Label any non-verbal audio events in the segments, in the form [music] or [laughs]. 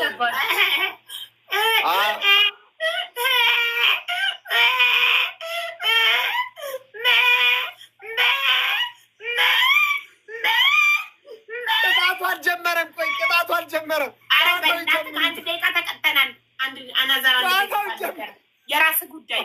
ይገባል። ቅጣቱ አልጀመረም። ቆይ ቅጣቱ አልጀመረም። ኧረ በእናትህ አንድ ደቂቃ ተቀጠናል። የራስህ ጉዳይ።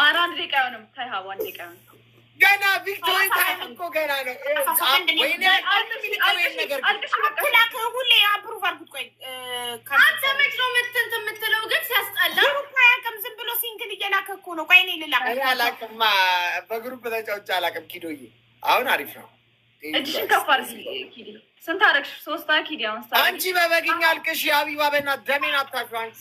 ኧረ አንድ ደቂቃ አይሆንም። ተይ ሀቡ አንድ ደቂቃ አይሆንም። ገና ቪክቶሪ ታይም እኮ ገና ነው። ሁሌ አፕሩቭ አድርጉት። ቆይ አንተ መች ነው ምትን የምትለው? ግን ሲያስጠላ አያውቅም። ዝም ብሎ ሲንግል እየላከ እኮ ነው። ቆይ እኔ ልላክ አላውቅም። በግሩፕ ተጫውቼ አላውቅም። ኪዶዬ አሁን አሪፍ ነው። እጅሽን ከፍ አድርጊ ስንት አደረግሽ? ሶስታ ኪዲ። አሁን አንቺ በበግኛ አልቅሽ የአቢባ በእናትህ ደሜን አታውቂው አንቺ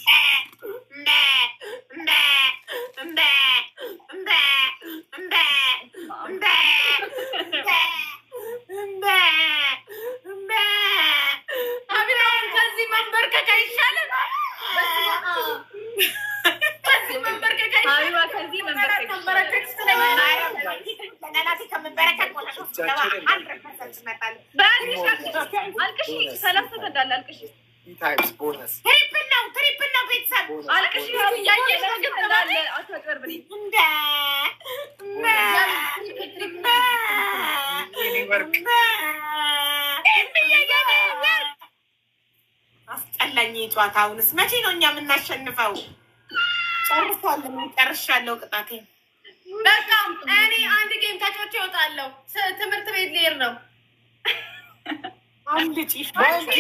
መንበርከክ አይሻልም? በዚህ መንበርከክ አይሻልም? አገናኘ ጨዋታ። መቼ ነው እኛ የምናሸንፈው? ጨርሳለሁ፣ ጨርሻለሁ። ቅጣቴ በቃ እኔ አንድ ጌም ተጫውቼ እወጣለሁ። ትምህርት ቤት ልሄድ ነው። አንድ ፈራሽ ነው።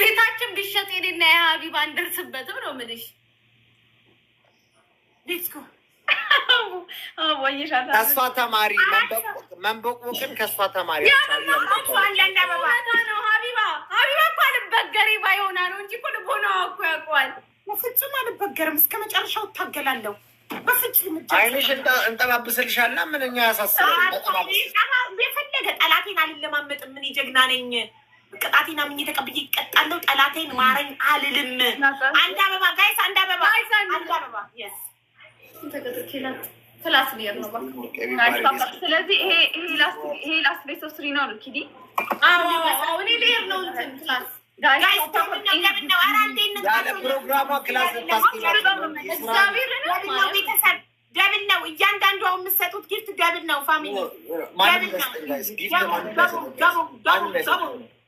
ቤታችን ቢሸጥ የኔና የሀቢባ እንደርስበትም ነው ምልሽ። ከእሷ ተማሪ መንበቁቅን ከእሷ ተማሪ ነው። ሀቢባ ሀቢባ እኮ አልበገሬ ባይሆና ነው እንጂ እኮ እኮ ያውቀዋል። በፍጹም አልበገርም፣ እስከ መጨረሻው እታገላለሁ። አይንሽ እንጠባብስልሻልና ምንኛ ያሳስበ የፈለገ ጠላቴን አልለማመጥም። ምን ጀግና ነኝ ቅጣቴን አምኜ ተቀብዬ ይቀጣለሁ። ጠላቴን ማረኝ አልልም። አንድ አበባ ጋይስ፣ አንድ አበባ አንድ አበባ ስለዚህ ይሄ ላስት ቤት ሶስት ሪ ነው ኪዲ እኔ ልሄድ ነው እንትን ክላስ ደብል ነው። እያንዳንዱ አሁን የምትሰጡት ጊፍት ደብል ነው። ፋሚሊ ደብል ነው።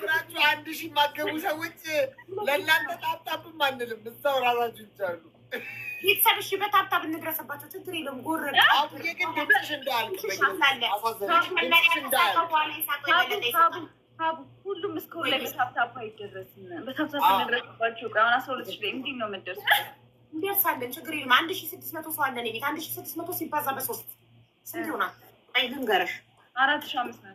ብላችሁ አንድ ሺህ ማገቡ ሰዎች ለእናንተ ታብታብም አንልም። እዛው ራሳችሁ ይቻሉ ቤተሰብ እሺ፣ በታብታብ እንድረስባቸው ችግር የለም። ጎረድ ሁሉም እስከ ላይ በታብታብ አይደረስም። በታብታብ እንድረስባቸው አሁን አስራ ሁለት ሺህ ላይ እንዴት ነው የምትደርሱ? እንደርሳለን፣ ችግር የለም። አንድ ሺህ ስድስት መቶ ሰው አለን ቤት። አንድ ሺህ ስድስት መቶ ሲባዛ በሶስት ስንት ይሆናል? አይ ልንገረሽ፣ አራት ሺህ አምስት መቶ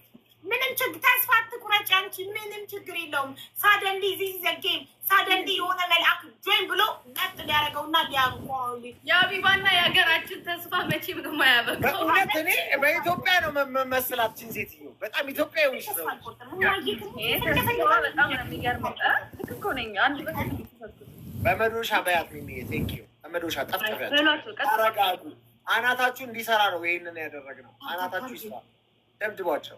ምንም ችግር ተስፋ አትቁረጭ። አንቺ ምንም ችግር የለውም። ሳደንዲ ዚህ ዘጌም ሳደንዲ የሆነ መልአክ ጆይን ብሎ ቀጥ ሊያደርገው እና ሊያቆሉ የአቢባና የሀገራችን ተስፋ መቼም ነው የማያበቃው። እኔ በኢትዮጵያ ነው መመስላችን ሴት በጣም ኢትዮጵያ ሆንሽ ነው። የሚገርመው። ልክ ነኝ። አንድ በመዶሻ በያት ሚሚዬ ቴንክ ዩ በመዶሻ ጠፍጥፊያቸው አረጋጉ። አናታችሁ እንዲሰራ ነው ይህንን ያደረግነው። አናታችሁ ይስራ። ደብድቧቸው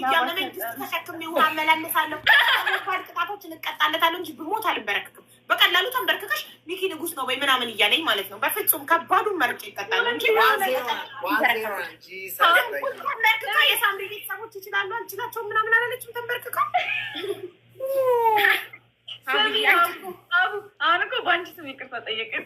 እያመመኝ ተሸክሜ ውሃ አመላልሳለሁ፣ ከባድ ቅጣቶችን እቀጣለታለሁ እንጂ ብሞት አልበረክትም። በቀላሉ ተንበርክከሽ ሚኪ ንጉስ ነው ወይ ምናምን እያለኝ ማለት ነው። በፍጹም ከባዱን መርጬ ይቀጣል እንጂ ተንበርክካ የሳምሪ ቤተሰቦች ይችላሉ አልችላቸውም ምናምን አላለችም። ተንበርክካ አሁን እኮ በአንቺ ስም ይቅርታ ጠየቅን።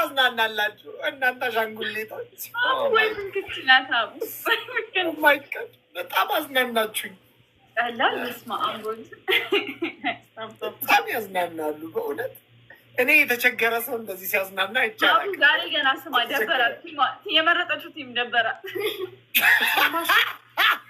ታዝናናላችሁ እናንተ አሻንጉሌቶች። oh በጣም አዝናናችሁኝ። በጣም ያዝናናሉ በእውነት። እኔ የተቸገረ ሰው እንደዚህ ሲያዝናና ይቻላል። ዛሬ ገና ስማ ደበራ የመረጠችው ቲም ደበራ [laughs]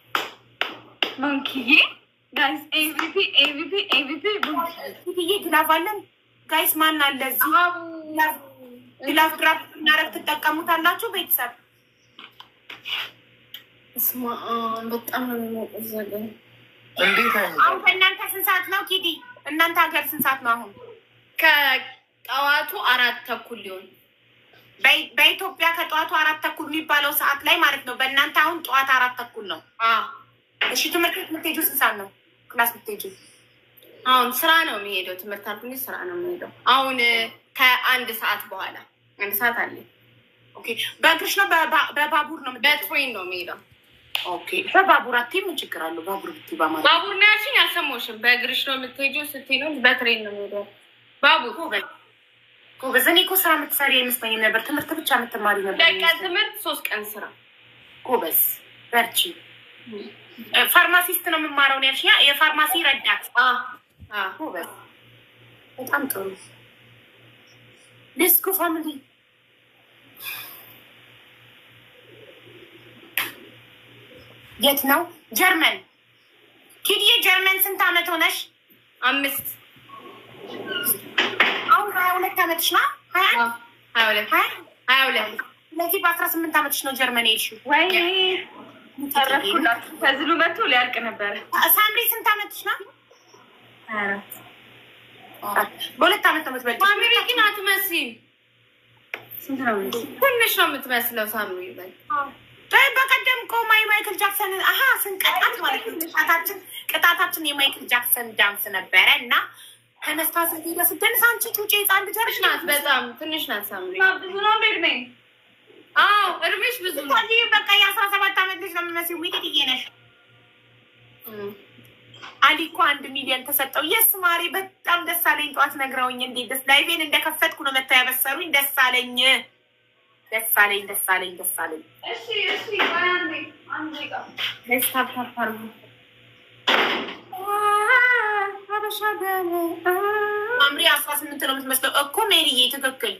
ሞንኪዬ ጋይስ ኤቪፒ ኤቪፒ ኤቪፒ ሞንኪዬ ግላቭ አለን ጋይስ። ማን አለ እዚህ ግላቭ ግራብ እናረግ ትጠቀሙታላችሁ ቤተሰብ። አሁን ከእናንተ ስንት ሰዓት ነው ኪዲ? እናንተ ሀገር ስንት ሰዓት ነው አሁን? ከጠዋቱ አራት ተኩል ሊሆን በኢትዮጵያ ከጠዋቱ አራት ተኩል የሚባለው ሰዓት ላይ ማለት ነው። በእናንተ አሁን ጠዋት አራት ተኩል ነው። እሺ ትምህርት የምትሄጂው ስንት ሰዓት ነው? ክላስ የምትሄጂው? አሁን ስራ ነው የሚሄደው። ትምህርት አልኩኝ ስራ ነው የሚሄደው። አሁን ከአንድ ሰዓት በኋላ አንድ ሰዓት አለ። በእግርሽ ነው በባቡር ነው? በትሬን ነው የሚሄደው። በባቡር አትይም? ምን ችግር አለው? ባቡር ብትይ በአማርኛ ባቡር ነው ያልሽኝ። አልሰማሁሽም። በእግርሽ ነው የምትሄጂው ስትይ ነው። በትሬን ነው የሚሄደው ባቡር ጎበዝ። እኔ እኮ ስራ የምትሰሪ አይመስለኝም ነበር። ትምህርት ብቻ የምትማሪ ነበር። በቃ ትምህርት ሶስት ቀን ስራ። ጎበዝ በርቺ። ፋርማሲስት ነው የምማረው ነው የፋርማሲ ረዳት በጣም ጥሩ ዲስኩ ፋሚሊ የት ነው? ጀርመን ኪድዬ፣ ጀርመን ስንት አመት ሆነሽ? አምስት አሁን ሀያ ሁለት አመትሽ ነው? ሀያ ሁለት ሀያ ሁለት ስለዚህ በአስራ ስምንት አመትሽ ነው ጀርመን የሄድሽው ወይ? ተረፍኩላችሁ። ከዝሉ መቶ ሊያልቅ ነበረ። ሳምሪ ስንት አመትሽ ነው? በሁለት አመት ነው የምትበልጪው። ሳምሪ ግን አትመስይም። ትንሽ ነው የምትመስለው ሳምሪ። በቀደም እኮ ማይክል ጃክሰን አሀ ስንቀጣት ማለት ነው ቅጣታችን ቅጣታችን የማይክል ጃክሰን ዳንስ ነበረ እና ተነስታ ስንት ስደንስ አንቺ ጩጬ ህፃን ልጅ ናት። በጣም ትንሽ ናት ሳምሪ ብዙ ነው ቤድሜ አዎ እድሜሽ ብዙ ነው። በቃ የአስራ ሰባት ዓመት ልጅ ነው የምመስለው። ሚጥጥዬ ነሽ። አሊ እኮ አንድ ሚሊዮን ተሰጠው። የስ ማሬ በጣም ደስ አለኝ። ጠዋት ነግረውኝ እንዴት ደስ ላይቬን እንደከፈትኩ ነው መታ ያበሰሩኝ። ደስ አለኝ፣ ደስ አለኝ፣ ደስ አለኝ፣ ደስ አለኝ። እሺ እሺ፣ አበሻ ማምሪ አስራ ስምንት ነው የምትመስለው እኮ ሜሪዬ፣ ትክክል